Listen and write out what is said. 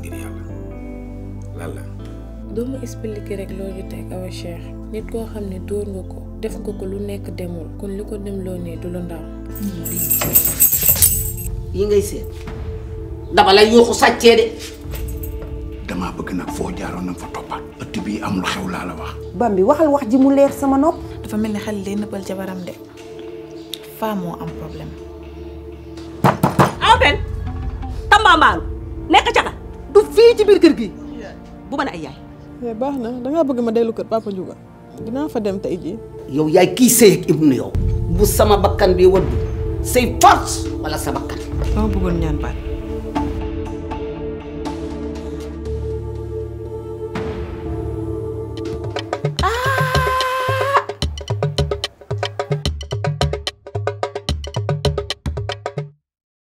ngir yàlla lan la doo ma expliquer rek loo ñu teg awa Cheikh nit koo xam ne dóor nga ko def nga ko lu nekk demul kon li ko dem loo ne du la ndaw yi ngay seet dama lay yuuxu sàccee de dama bëgg nag foo jaaroon na fa toppaat ëtt bi amul xew laa la wax bambi waxal wax ji mu leer sama nopp dafa mel ni xale lay nëbbal jabaram de faa moo am problème aw benn tambaambaalu nekk ca ka du fi ci kerki kër gi bu mën ay yaay. mais eh, baxna na da nga bëgg ma dellu kër papa Ndiouga dina fa dem tay ji yow yaay ki sey ak ibnu yow bu sama bakkan bi wëdd sey force wala sa bakkan. sama bëggon ñaan baat.